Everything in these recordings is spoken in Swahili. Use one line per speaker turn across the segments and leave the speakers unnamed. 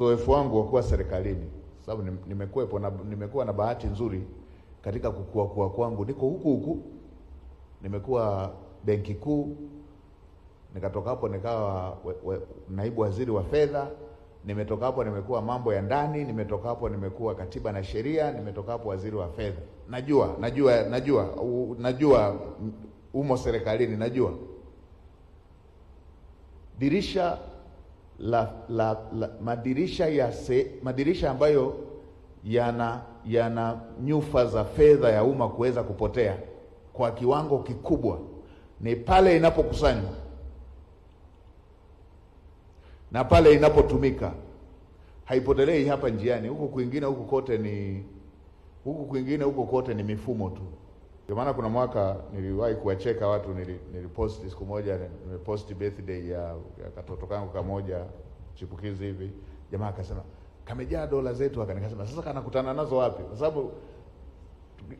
Uzoefu wangu wa kuwa serikalini, sababu nimekuwepo na nimekuwa na bahati nzuri katika kukua kuwa kwangu, niko huku huku, nimekuwa benki kuu, nikatoka hapo nikawa we, we, naibu waziri wa fedha, nimetoka hapo nimekuwa mambo ya ndani, nimetoka hapo nimekuwa katiba na sheria, nimetoka hapo waziri wa fedha. Najua, najua, najua, u, najua umo serikalini, najua dirisha la, la, la madirisha ya se, madirisha ambayo yana yana nyufa za fedha ya umma kuweza kupotea kwa kiwango kikubwa ni pale inapokusanywa na pale inapotumika, haipotelei hapa njiani. Huku kwingine huku kote ni huku kwingine huku kote ni mifumo tu. Ndio maana kuna mwaka niliwahi kuwacheka watu, niliposti siku moja, nimeposti birthday ya, ya katoto kangu kamoja chipukizi hivi, jamaa akasema kamejaa dola zetu akanikasema sasa kanakutana nazo wapi? Kwa sababu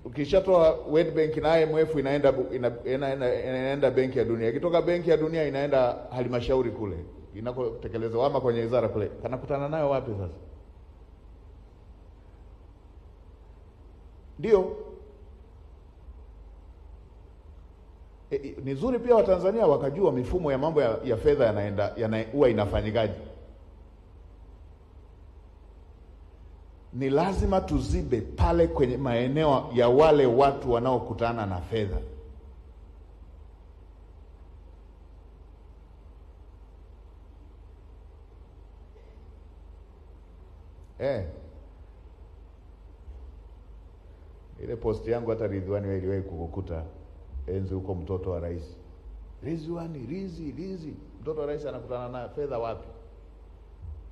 ukishatoa World Bank na IMF inaenda inaenda, ina, inaenda benki ya dunia, ikitoka benki ya dunia inaenda halmashauri kule inakotekelezwa ama kwenye wizara kule, kanakutana nayo wapi sasa? Ndio. E, ni nzuri pia Watanzania wakajua mifumo ya mambo ya, ya fedha yanaenda huwa ya inafanyikaje. Ni lazima tuzibe pale kwenye maeneo ya wale watu wanaokutana na fedha. Eh, ile posti yangu hata Ridhiwani wewe iliwahi kukukuta enzi huko, mtoto wa rais Rizwani, Rizi, Rizi, mtoto wa rais anakutana na fedha wapi?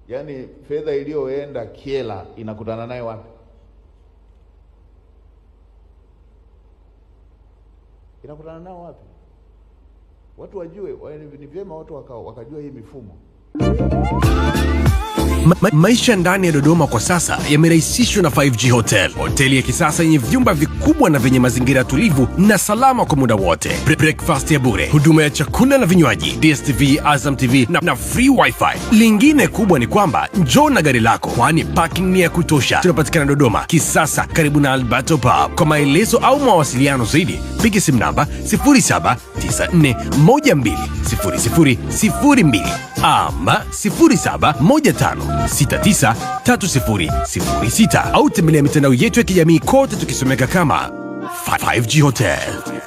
Yaani fedha iliyoenda kiela inakutana naye wapi? Inakutana nao wapi? Watu wajue, ni vyema watu wakajua hii mifumo
ma ma maisha ndani ya Dodoma kwa sasa yamerahisishwa na 5G Hotel, hoteli ya kisasa yenye vyumba vikubwa na vyenye mazingira tulivu na salama kwa muda wote, breakfast ya bure, huduma ya chakula na vinywaji, DStv, Azam TV na, na free wifi. Lingine kubwa ni kwamba njoo na gari lako, kwani parking ni ya kutosha. Tunapatikana Dodoma Kisasa, karibu na albato Pub. Kwa maelezo au mawasiliano zaidi, piga simu namba 0794120002 ama ah, 0715693006 au tembelea mitandao yetu ya kijamii kote tukisomeka kama 5G Hotel.